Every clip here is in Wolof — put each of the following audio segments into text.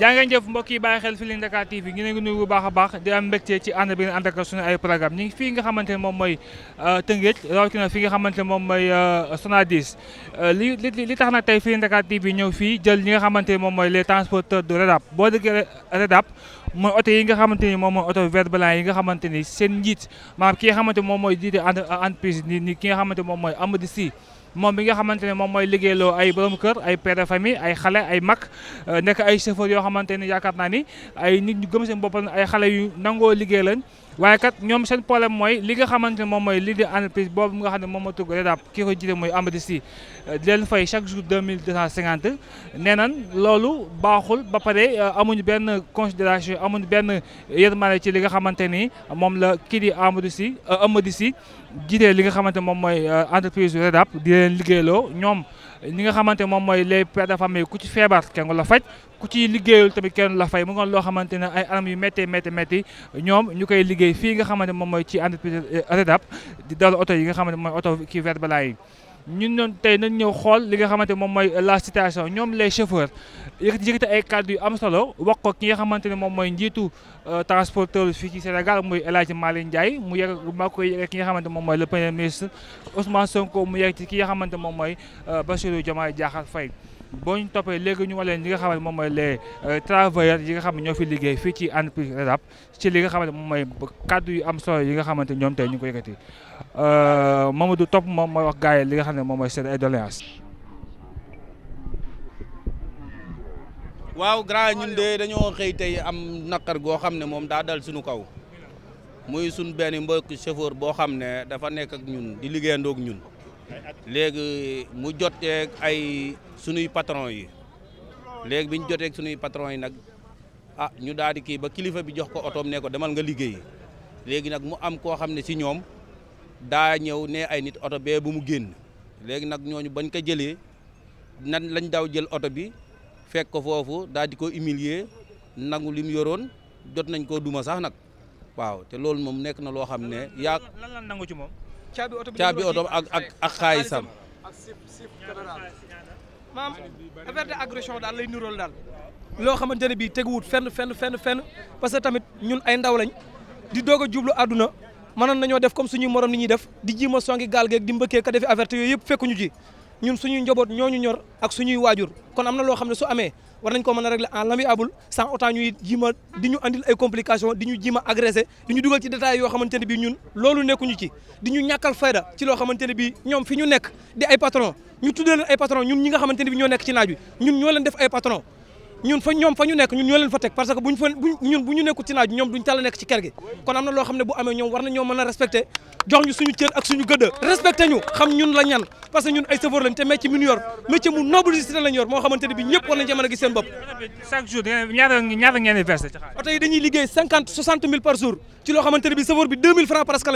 jaa ngeen jëf mbokk yi bàyyi xel Feeling Dakar TV ñu ngi nuyu bu baax di am mbégte ci ànd bi ngeen ànd ak suñu ay programme ñu ngi fii nga xamante ne moom mooy euh, Tëngéej rawatina fi nga xamante ne moom mooy euh, Sonadis euh, li li li tax nag tey ñëw fii jël ñi nga xamante ne moom mooy les transporteurs de oto yi nga xamante ni moom mooy oto vert blanc yi nga xamante ni seen njiit maanaam ki nga xamante moom mooy jiite entreprise ni ki nga xamante moom mooy Amady Sy moom bi nga xamante ne moom mooy liggéeyloo ay borom kër ay pere de ay xale ay mag euh, nekk ay chauffeur yoo xamante ne yaakaar naa ni ay nit ñu gëm seen bopp ay xale yu nangoo liggéey lañ waaye kat ñoom seen problème mooy li nga xamante ne moom mooy lii di entreprise boobu nga xam ne moom moo tugg Redap kii ko jiite mooy Amady Sy di leen fay chaque jour deux mille nee nan loolu baaxul ba pare euh, amuñu benn considération amuñu benn yërmande ci li nga xamante ni moom la kii di Amady Sy euh, Amady Sy jiite li nga xamante moom mooy euh, entreprise Redap di leen liggéeyloo ñoom ñi nga xamante moom mooy les pères de famille ku ci feebar kenn la faj ku ci liggéeyul tamit kenn la fay mu ngoon loo xamante ne ay anam yu métti métti métti ñoom ñu koy liggéey fii nga xamante moom mooy ci entreprise euh, REDAP di dal oto yi nga xamante mooy oto kii vert balaa yi ñun ñoon tey nañ ñëw xool li nga xamante moom mooy la situation ñoom les chauffeurs yëkkati ay kàddu yu am solo wax ko ki nga xamante ne moom mooy njiitu euh, transporteur fii ci Sénégal mooy El Hadji Malick mu yegg maa koy yegg ki nga xamante moom mooy le premier ministre Ousmane Sonko mu yegg ci ki nga xamante moom mooy euh, Bassirou Diomaye Diakhar fay boo ñu topp léegi ñu wax leen li nga xam ne moom mooy les euh, travailleurs yi nga xam ne ñoo fi liggéey fii ci entreprise REDAP ci li nga xam ne moom mooy kaddu yu am solo yi nga xamante ñoom tey ñu ngi ko yëkkati euh, du Top moom mooy wax gars yi li nga xam ne moom mooy seen waaw grand ñun dañoo xëy tey am naqar goo xam ne moom daa dal suñu kaw muy suñ benn mbokk chauffeur boo xam ne dafa nekk ak ñun di liggéeyandoo ak ñun léegi mu jotee sunuy patron yi léegi bi ñu jotee ak sunuy patron yi nag ah ñu daal kii ba kilifa bi jox ko otoom ne ko demal nga liggéey léegi nag mu am koo xam ne si ñoom daa ñëw ne ay nit oto bee bu mu génn léegi nag ñooñu bañ ko jëlee nan lañ daaw jël oto bi fekk ko foofu daal di ko humilier nangu li mu yoroon jot nañ koo duma sax nag waaw te loolu moom nekk na loo xam ne. yaa lan lan ci moom. caabi oto bi ak ak ak xaalisam. ak maam affaire de agression daal lay nirool daal loo xamante ne bii teguwut fenn fenn fenn fenn parce que tamit ñun ay ndaw lañ di doog a jublu àdduna mënoon nañoo def comme suñuy morom ni ñuy def di ji songi gaal geeg di mbëkkee ka defi averti yooyu yëpp ñu ji ñun suñuy njaboot ñu ñor ak suñuy waajur kon am na loo xam ne su amee war nañ ko mën a régler en l'amiable sans autant ñuy jima di ñu andil ay complications di ñu jima agressé di ñu dugal ci détails yoo xamante ne bii ñun loolu nekkuñu ci di ñu ñàkkal fayda ci loo xamante ne bii ñoom fi ñu nekk di ay patron ñu tuddee leen ay patron ñun ñi nga xamante ne bii ñoo nekk ci naaj wi ñun ñoo leen def ay patron ñun fa ñoom fa ñu nekk ñun ñoo leen fa teg parce que ñun bu ñu nekku ci naaj ñoom duñ tala nekk ci kër kon am na loo xam ne bu amee ñoom war na ñoo mën a respecté jox ñu suñu cër ak suñu gëdd respecté ñu xam ñun la parce que ñun ay chauffeur lañ te métier mi ñu yor métier mu noble cité lañ yor moo xamante bi ñëpp war nañ ci mën a gis seen bopp chaque oto yi dañuy liggéey soixante mille par jour ci loo xamante bi chauffeur bi deux mille francs presque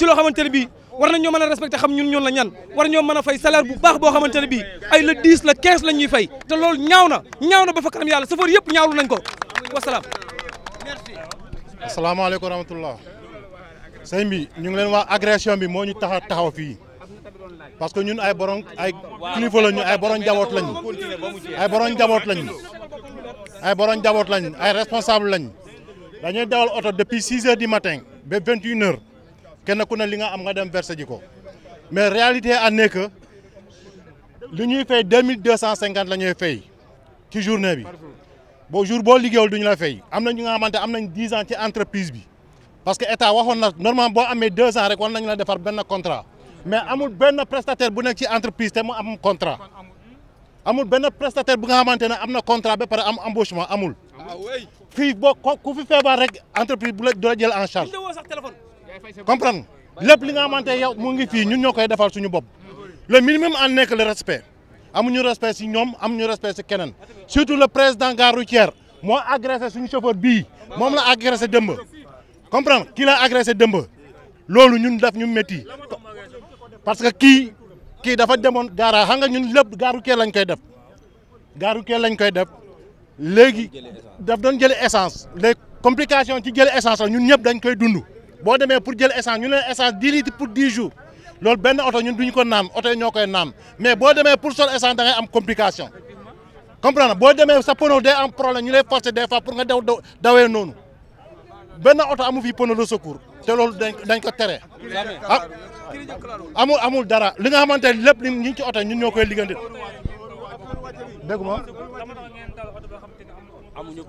ci loo xamante ne bii war nañ mën a respecté xam ñun ñun la ñan war ñoo mën a fay salaire bu baax boo xamante bii ay le 10 le 15 la ñuy fay te loolu ñaaw na ñaaw na ba fa kanam yàlla safar yëpp ñaawlu nañ ko wasalaam. asalaamaaleykum wa rahmatullah sëñ bi ñu ngi leen wax agression bi moo ñu tax taxaw fii parce que ñun ay borom ay kilifa lañu ay borom jaboot lañu ay borom jaboot lañu ay borom jaboot lañu ay responsable lañu dañuy dawal oto depuis 6 heures du matin ba 21 heures. kenn ku ne li nga am nga dem verser ji ko mais réalité a nekk lu ñuy fay deux mille deux cent cinquante la ñuy fay ci journée bi boo jour boo liggéewul du ñu la fay am na ñu nga xamante am nañ dix ans ci entreprise bi parce que état waxoon na normal boo amee deux ans rek war nañu la defar benn contrat mais amul benn prestataire bu nekk ci entreprise te mu am contrat amul benn prestataire bu nga xamante ne am na contrat ba pare am embauchement amul ah fii boo ku fi feebar rek entreprise bu la du la jël en charge comprendre lépp li nga xamante yow mu ngi fii ñun ñoo koy defar suñu bopp le minimum en nekk le respect amuñu respect si ñoom amuñu respect si keneen surtout le président gare routière moo agressé suñu chauffeur bii moom la agressé dëmb comprendre kii la agressé dëmb loolu ñun def ñu métti parce que kii kii dafa demoon gaara xam nga ñun lépp gare routière lañ koy def gare routière lañ koy def léegi daf doon jël essence les complications ci jële essence la ñun ñëpp dañ koy dund boo demee pour jël essence ñu ne essence 10 litres pour 10 jours loolu benn oto ñun duñu ko naan oto yi ñoo koy naan mais boo demee pour sol essence da ngay am complication comprendre boo demee sa pneu day am problème ñu lay forcer des fois pour nga daw dawee noonu benn oto amu fi pneu de secours te loolu dañ dañ ko tere ah amul amul dara li nga xamante ne lépp li ñu ci oto ñun ñoo koy liggéeyandil dégg ma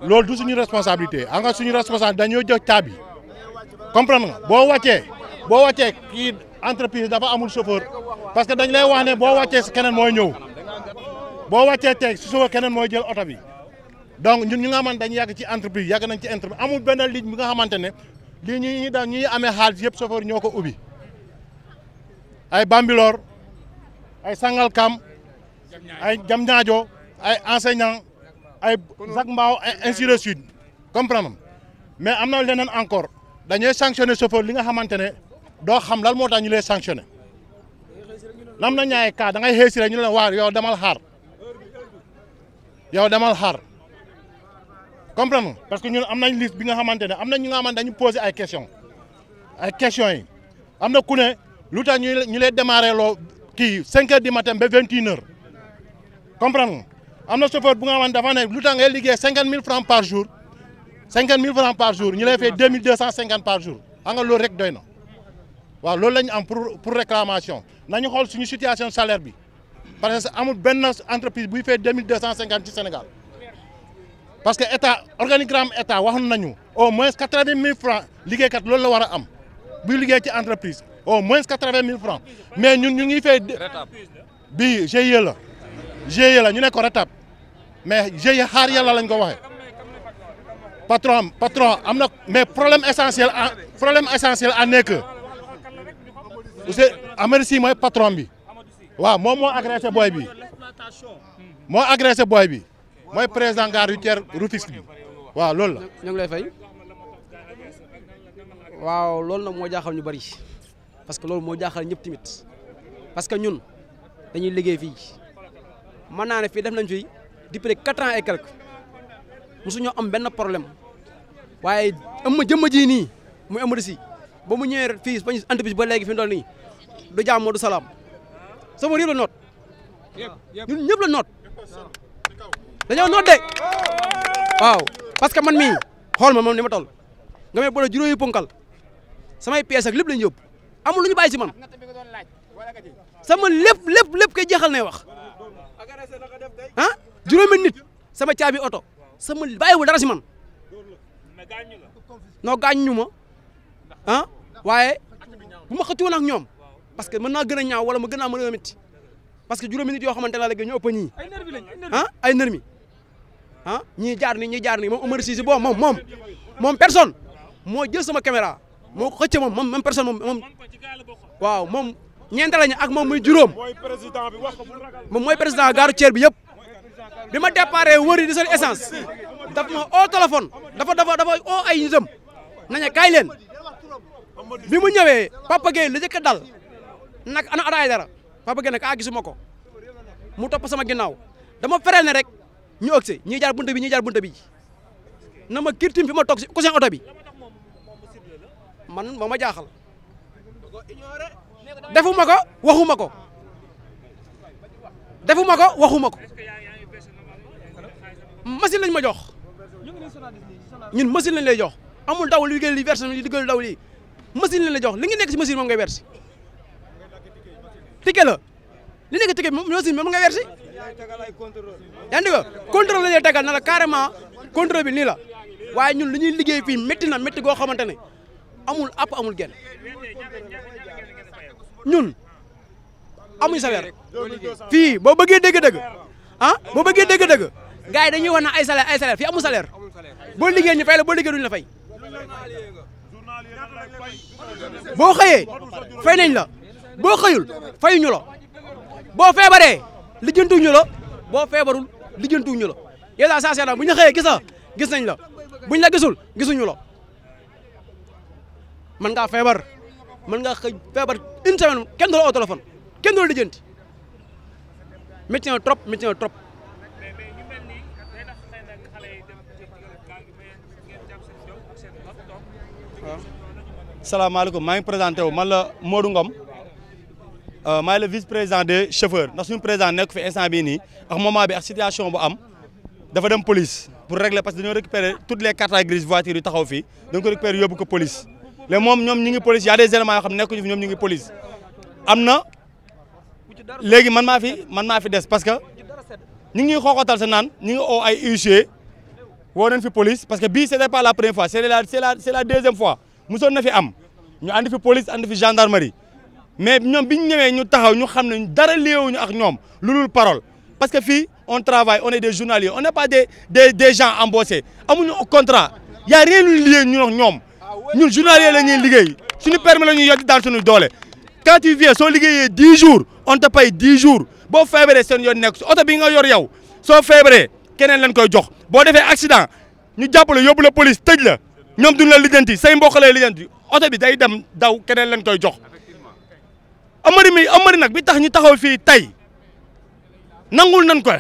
loolu du suñu responsabilité xam nga suñu responsabilité dañoo jox caabi comprendre boo wàccee boo wàccee kii entreprise dafa amul chauffeur parce que dañu lay wax boo wàccee si keneen mooy ñëw boo wàccee tey si suba keneen moo jël oto bi donc ñun ñu nga xamante dañu yàgg ci entreprise yàgg nañ ci entreprise amul benn ligne bi nga xamante ne lii ñuy ñu ñuy amee xaalis yëpp chauffeur ñoo ko ubbi ay Bambilor ay Sangalkam ay Diamniadio ay enseignant ay Zac Mbao ay ainsi de suite comprendre mais am na leneen encore dañuy sanctionné chauffeur li nga xamante ne doo xam lan moo tax ñu lay sanctionné nam na ñaay cas da ngay xeesi rek ñu leen waar yow demal xaar yow damal xaar comprendre parce que ñun am nañ liste bi nga xamante ne am na ñu nga xamante dañu posé ay question ay question yi am na ku ne lu tax ñu ñu lay démarré loo kii cinq heures du matin ba vingt une heures comprendre am na chauffeur bu nga xamante dafa ne lu tax ngay liggéey cinquante mille francs par jour cinquante mille francs par jour ñu lay fay deux mille par jour xam nga loolu rek doy na waaw loolu la am pour pour réclamation nañu xool suñu situation salaire bi parce que amul benn entreprise bu fay deux mille deux cent cinquante ci Sénégal parce que état organigramme état waxoon nañu au moins quatre vingt mille francs kat loolu la war am buy liggéey ci entreprise au moins quatre vingt mille francs mais ñun ñu ngi fay. bi GIE la GIE la ñu ne ko mais GIE xaar yàlla lañ ko waxee. patron patron am na mais problème essentiel problème essentiel à nekk monsieur Amady Sy mooy patron bi waaw moom moo agressé boy bi moo agressé boy bi mooy président gare waaw loolu la. ñu ngi lay fay waaw loolu nag moo jaaxal ñu bari parce que loolu moo jaaxal ñëpp tamit parce que ñun dañuy liggéey fii mën naa ne fii def nañ fi depuis quatre ans et quelques am benn problème. waaye ëmma jëmma ji nii muy Amadou Sy ba mu ñëwee fii bañ entreprise ba léegi fi nii du jàmm du salaam sama réew la noot ñun ñëpp la noot dañoo noot de waaw parce que man mii xool ma moom ni ma toll nga may boole juróomi ponkal samay pièces ak lépp lañ yóbbu amul lu ñu bàyyi si man sama lépp lépp lépp kay jeexal nay wax ah juróomi nit sama caabi oto sama bàyyiwul dara si man. non gaañu ma ah waaye bu ma xëccoon ak ñoom parce que mën naa gën a ñaaw wala ma gën a mën a métti parce que juróomi nit yoo xamante la léegi ñu ëpp ñii ah ay nermi ah ñii jaar ni ñii jaar ni moom Omar Cissé boobu moom moom moom personne moo jël sama caméra moo ko xëcc moom moom même personne moom moom waaw moom ñeent lañu ak moom muy juróom moom mooy président gaaru Thiès bi yëpp bi ma déparé wëri di seen essence daf ma oo téléphone dafa dafa dafa oo ay nitam nañu kaay bi mu ñëwee Papa Gueye la njëkk dal nag ana Ada Aidara Papa Gueye nag ah ko mu topp sama ginnaaw dama ne rek ñu ëgsi ñii jaar bunta bi ñii jaar bunta bi na ma kirtim fi ma toog si cousin oto bi man moo ma jaaxal defuma ko waxuma ko defuma ko waxuma ko machine lañ ma jox ñun machine lañ lay jox amul daw li gën li verse li diggal daw lii machine lañ lay jox li ngi nekk si machine moom ngay verse ticket la li nekk ticket moom machine moom ngay verse yaa ngi dégg contrôle la ñuy tegal na la carrément contrôle bi ni la waaye ñun li ñuy liggéey fii métti na métti goo xamante ne amul app amul genn ñun amuñu salaire fii boo bëggee dégg-dëgg ah boo bëggee dégg-dëgg gars yi dañuy wax na ay salaire ay salaire fii amul salaire boo liggéey ñu fay la boo liggéey duñu la fay boo xëyee fay nañ la boo xëyul fayuñu la boo feebaree lijjantuñu la boo feebarul lijjantuñu la yow daal saa seetaan bu ñu xëyee gis la gis nañ la buñ la gisul gisuñu lo mën ngaa feebar mën ngaa xëy feebar une semaine kenn o la téléphone kenn du la lijjanti métti na trop métti na trop salaamaaleykum maa ngi présenté wu man la Modou Ngom euh, maay la vice président des chauffeurs ndax suñu président nekk fi instant bi nii ak moment bi ak situation bu am dafa dem police pour régler parce que dañoo récupérer toutes les cartes grises voitures yu taxaw fii dañ ko récupérer yóbbu ko police léegi moom ñoom ñu police y a des éléments yoo xam fi ñoom ñu police am na léegi man maa fi man maa fi des parce que ñu ngi xooxatal sa naan ñu ngi oo ay huissier woo musoon na fi am ñu andi fi police andi fi gendarmerie mais ñoom bi ñu ñëwee ñu taxaw ñu xam ne dara léewuñu ak ñoom lu dul parole parce que fii on travaille on est des journaliers on n'est pas des des des gens embauchés amuñu contrat y a rien lu lié ñu ak ñoom ñun journalier la ñuy liggéey suñu permis la ñuy yotti daal suñu doole quand tu viens soo liggéeyee dix jours on te paye dix jours boo feebaree seen yoon nekk su oto bi nga yor yow soo feebaree keneen lañ koy jox boo defee accident ñu jàppale yóbbu la police tëj la ñoom duñ la lijjanti say mbokk lay lijjanti oto bi day dem daw keneen leen koy jox amari mi amari nag bi tax ñu taxaw fii tey nangul nan ko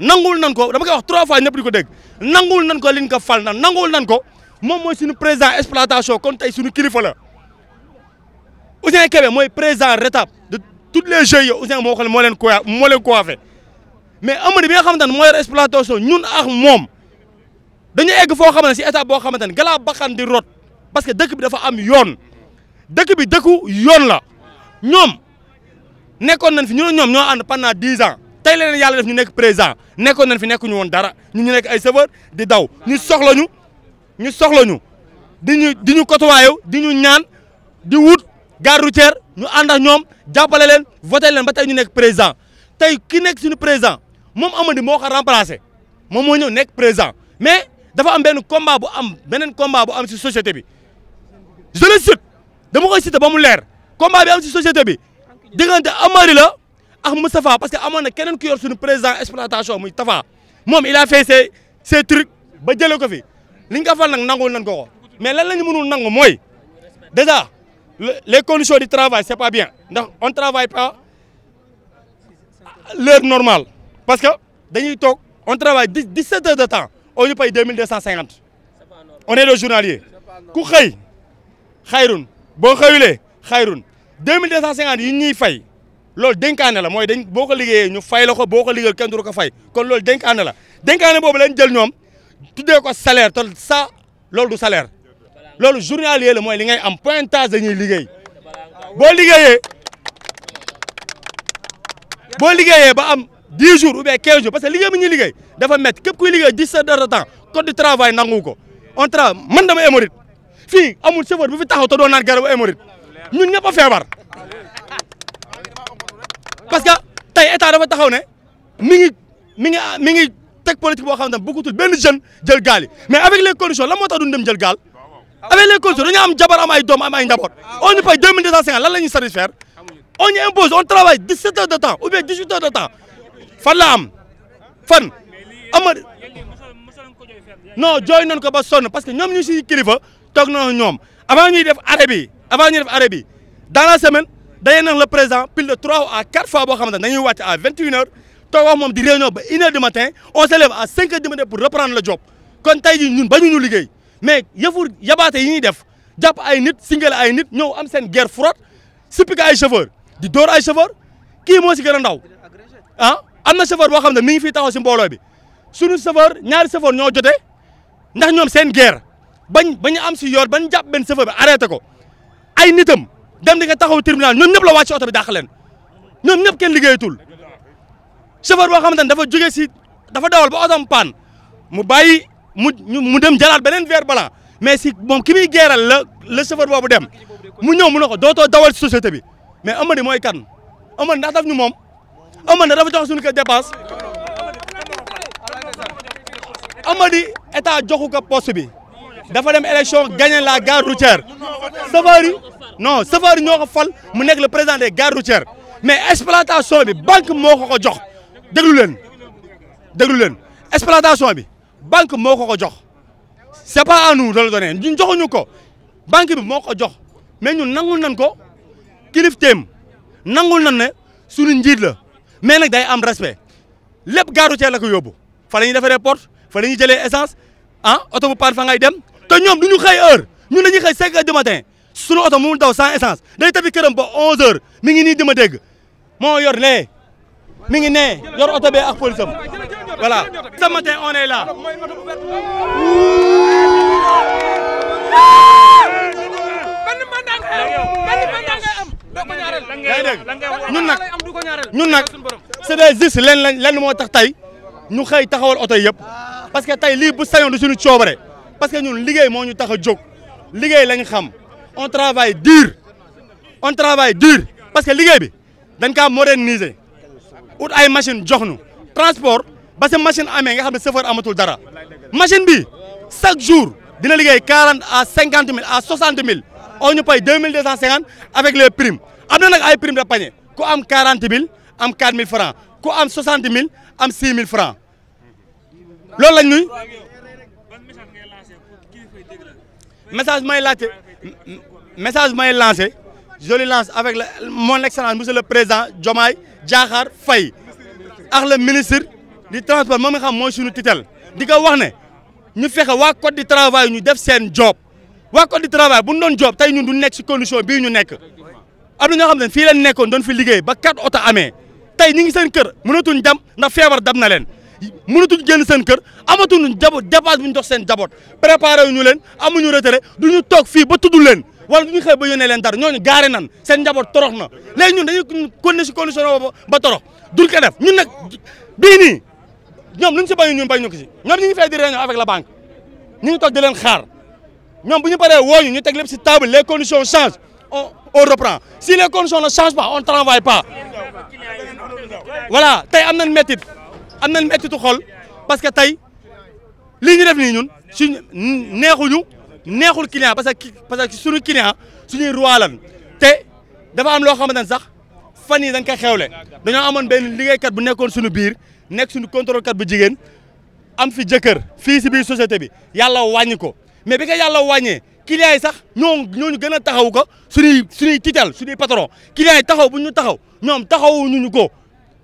wul nan ko dama koy wax trois fois ñëpp di ko dégg nangul nan ko liñ ko fal na nangul nan ko moom mooy suñu président exploitation kon tey suñu kilifa la Ouzin Kébé mooy président rétab de toutes les GIE Ouzin moo xam ne moo leen ko moo leen coiffé mais amari bi nga xamante ne moo yor exploitation ñun ak moom dañu egg foo xamante si état boo xamante ne galaa baxan di rot parce que dëkk bi dafa am yoon dëkk bi dëkku yoon la ñoom nekkoon nañ fi ñu ne ñoom ñoo ànd pendant dix ans leen yàlla def ñu nekk président nekkoon nañ fi nekk nekkuñu woon dara ñu ñu nekk ay chauffeur di daw ñu soxla ñu ñu soxla ñu di ñu di ñu di ñu ñaan di wut gare routière ñu ànd ak ñoom jàppale leen voté leen ba tey ñu nekk président tey ki nekk suñu président moom Amady moo ko remplacé moom moo ñëw nekk président mais. dafa am benn combat bu am beneen combat bu am si société bi je le cite dama koy cité ba mu leer combat bi am si société bi diggante Amary la ak Moustapha parce que amoon na keneen ku yor suñu président exploitation muy Tafa moom il a fait ses ses trucs ba jëlee ko fi li nga fal nag nangul nañ ko ko mais lan la ñu mënul nangu mooy déjà les conditions du travail c'est pas bien ndax on travaille pas l'heure parce que dañuy toog on travaille dix-sept heures de temps on nous paye 2250. On est des journaliers. Ku xëy xayrun boo xëyulee xayrun 2250 yi ñuy fay loolu dénkaane la mooy dañ boo ko liggéeyee ñu fay la ko boo ko liggéeyal kenn du ko fay kon loolu dénkaane la dénkaane boobu lañ jël ñoom tuddee ko salaire te ça loolu du salaire loolu journalier la mooy li ngay am pointage dañuy liggéey boo liggéeyee boo liggéeyee ba am. dix jours ou bien quinze jours parce que liggéey bi ñuy liggéey dafa métti képp kuy liggéey dix-sept heures de temps code du travail nangu ko on tra man dama hémorroïde fii amul chauffeur bu fi taxaw te doon naan garabu hémorroïde ñun ñëpp a feebar parce que tey état dafa taxaw ne mi ngi mi ngi mi ngi teg politique boo benn jeune jël gaal mais avec les conditions la moo tax duñ dem jël gaal avec les conditions dañoo am jabar am ay doom am ay njaboot on ñu paye deux fan la am fan ama non jooy nañ ko ba sonn parce que ñoom ñu si kilifa toog na ñoom avant ñuy def arrêt bi avant ñuy def arrêt bi dans la semaine dañuy nax le président pile de trois à quatre fois boo xamante ne dañuy wàcc à vingt et une heures toog wax moom di réunion ba une heure du matin on se lève à cinq heures du matin pour reprendre la job kon tay jii ñun bañu ñu liggéey mais yëfu yabaate yi ñuy def jàpp ay nit singale ay nit ñëw am seen guerre froide sippique ay chauffeur di door ay chauffeur kii moo si gën a ndaw ah am na chauffeur boo xam ne mi ngi fii taxaw si mbooloo bi suñu chauffeur ñaari chauffeur ñoo jote ndax ñoom seen guerre bañ bañu am si yoon bañ jàpp benn chauffeur bi arrêté ko ay nitam dem di nga taxaw tribunal ñoom ñëpp la wàcc si oto bi dàq leen ñoom ñëpp kenn liggéeyatul chauffeur boo xamante ne dafa jóge si dafa dawal ba otom paan mu bàyyi mu mu dem jalaat beneen verre blanc mais si moom ki muy geeral la la chauffeur boobu dem mu ñëw mu ne ko dootoo dawal si société bi mais Amady mooy kan Amady ndax daf ñu moom na dafa jox suñu ko dépense Amady état joxu ko poste bi dafa dem élection gagné la gare routière safari non safari ñoo ko fal mu nekk le président des gares routières mais exploitation bi banque moo ko ko jox déglu leen déglu leen exploitation bi banque moo ko ko jox c'est pas à nous de le donner joxuñu ko banque bi moo ko jox mais ñun nangul nañ ko kilifteem nangul nañ ne suñu njiit la. mais nag day am respect lépp gare routière la ko yóbbu fa la ñuy defaree pot fa la ñuy jëlee essence ah oto bu paan fa ngay dem te ñoom du ñu xëy heure ñun dañuy xëy 5 heures du matin suñu oto mu daw sans essence day tabi këram ba 11 heures mi ngi nii di ma dégg moo yor lee mi ngi nee yor oto bee ak police am voilà. ce matin on est là. benn mandat ngay am ñun nag c'est juste len lañ lan moo tax tey ñu xay taxawal oto yëpp parce que tey lii bu sañoon du suñu coobare parce que ñun liggéey moo ñu tax a jóg liggéey lañ xam on travaille dur on travaille dur parce que liggéey bi dan dañ kaa moderniser ut ay machine jox nu transport ba sa machine ame nga xam ne chauffeur amatul dara machine bi chaque jour dina liggéey quarante à cinquante mille à soixante mille on ñu pay deux mille avec le primes a na nag ay primes de panier ku am quarante mille am 4000 francs ku am 60000 am mil francs loolu lañ ñuy message may lancé message may lancé je le lance avec la le, mon excellence monsieur le président Diomaye Diakhar fay ak le ministre di transport moom nga xam mooy suñu tutelle di ko wax ne ñu fexe waa code du travail ñu def seen job waa code du travail bu ñu doon job tey ñun du nekk ci condition bii ñu nekk am na ñoo xam ne fii lañ nekkoon doon fi liggéey ba quatre oto amee tey ñi ngi seen kër mënatuñ dem na feebar dab na leen mënatuñ génn seen kër amatuñu jabo dépasse bu ñu jox seen jaboot préparé wu ñu leen amuñu retraite du ñu toog fii ba tudd leen wala du ñu xëy ba yónnee leen dara ñooñu gaare nan sen njaboot torox na léegi ñun dañuy continuer si condition boobu ba torox duñ ko def ñun nag bii nii ñoom lu ñu si bañu ñun bañ ñu ko si ñoom ñu ngi fay di réunion avec la banque ñu ngi toog di leen xaar ñoom bu ñu paree wooñu ñu teg lépp si table les conditions changent on, on reprend si les conditions ne changent on ne travaille pas voilà tey am nañ méttit am na méttitu xol parce que tey li ñu def nii ñun suñ neexuñu neexul client parce que parce que suñu client suñuy roi te dafa am loo xamante ne sax fan yii dañ koy xewle dañoo amoon benn liggéeykat bu nekkoon suñu biir nekk suñu contrôle kat bu jigéen am fi jëkkër fii si biir société bi yàlla wàññi ko mais bi ko yàlla wàññee clients yi sax ñoo ñooñu gën a taxaw ko suñuy suñuy titel suñuy patron clients yi taxaw bu ñu taxaw ñoom taxawuñu ñu ñu ko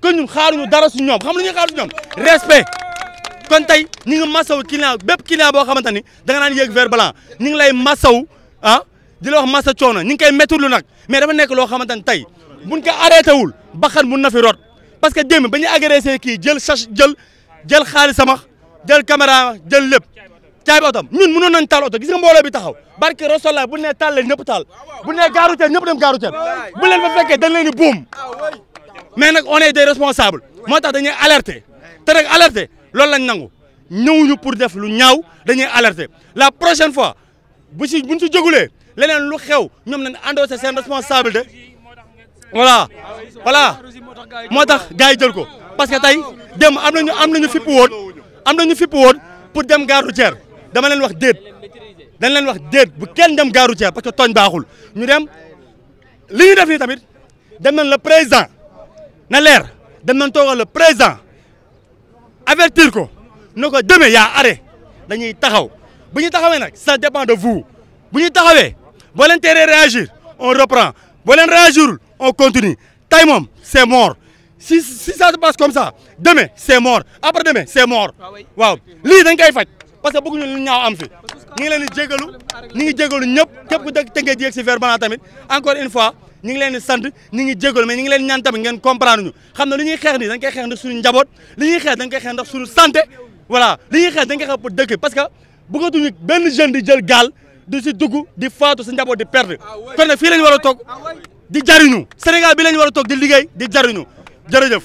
que ñun xaaruñu dara su ñoom xam lu ñuy xaar su ñoom respect kon tey ñu ngi masaw client bépp client boo xamante ni da naan yéeg vert blanc ñu ngi lay masaw ah di la wax masa coono ñu ngi koy méttiwul nag mais dafa nekk loo xamante ni tey buñ ko arrêté wul bakkan mun na fi rot parce que démb ba ñu agressé kii jël sach jël jël xaalis sama jël caméra jël lépp caay bi otom ñun nañ taal oto gis nga mbooloo bi taxaw barke Rasulullah bu ne taal leen ñëpp taal bu ne gaaru teen ñëpp dem gaaru teen bu leen fa fekkee dañ leen di buum mais nag on est des responsables moo tax dañuy alerter te nag alerter loolu lañ nangu ñëwuñu pour def lu ñaaw dañuy alerter la prochaine fois bu si buñ si jógulee leen lu xew ñoom nañ endossé seen responsabilité voilà voilà moo tax gars yi jël ko parce que tey dem am nañu am nañu fipp woon am nañu fipp woon pour dem gaaru routière dama leen wax déet dañ leen wax déet bu kenn dem gaaru ceeb parce que tooñ baaxul ñu dem li ñu def nii tamit dem nañ le président na leer dem nañ toogal le président avertir ko ne ko demee yaa arrêté dañuy taxaw bu ñu taxawee nag ça dépend de vous bu ñu taxawee boo leen teree réagir on reprend boo leen réagirul on continue tey moom c' est mort si si ça se passe comme ça deme c' more mort après demain c' est mort ah waaw lii dañ koy parce que bëgguñu lu ñaaw am fi ñu ngi leen di jégalu ñu ngi jégalu ñëpp képp ku dëkk tënkee jéeg si Verbena tamit encore une fois ñu ngi leen di sant ñu ngi jégalu mais ñu ngi leen ñaan tamit ngeen comprendre ñu xam ne li ñuy xeex nii dañ koy xeex ndax suñu njaboot li ñuy xeex dañ koy xeex ndax suñu santé voilà li ñuy xeex dañ koy xeex pour dëkk parce que bëggatuñu benn jeune di jël gaal di si dugg di faatu sa njaboot di perdre kon nag fii lañ war a toog di jariñu Sénégal bi lañ war a toog di liggéey di jariñu jërëjëf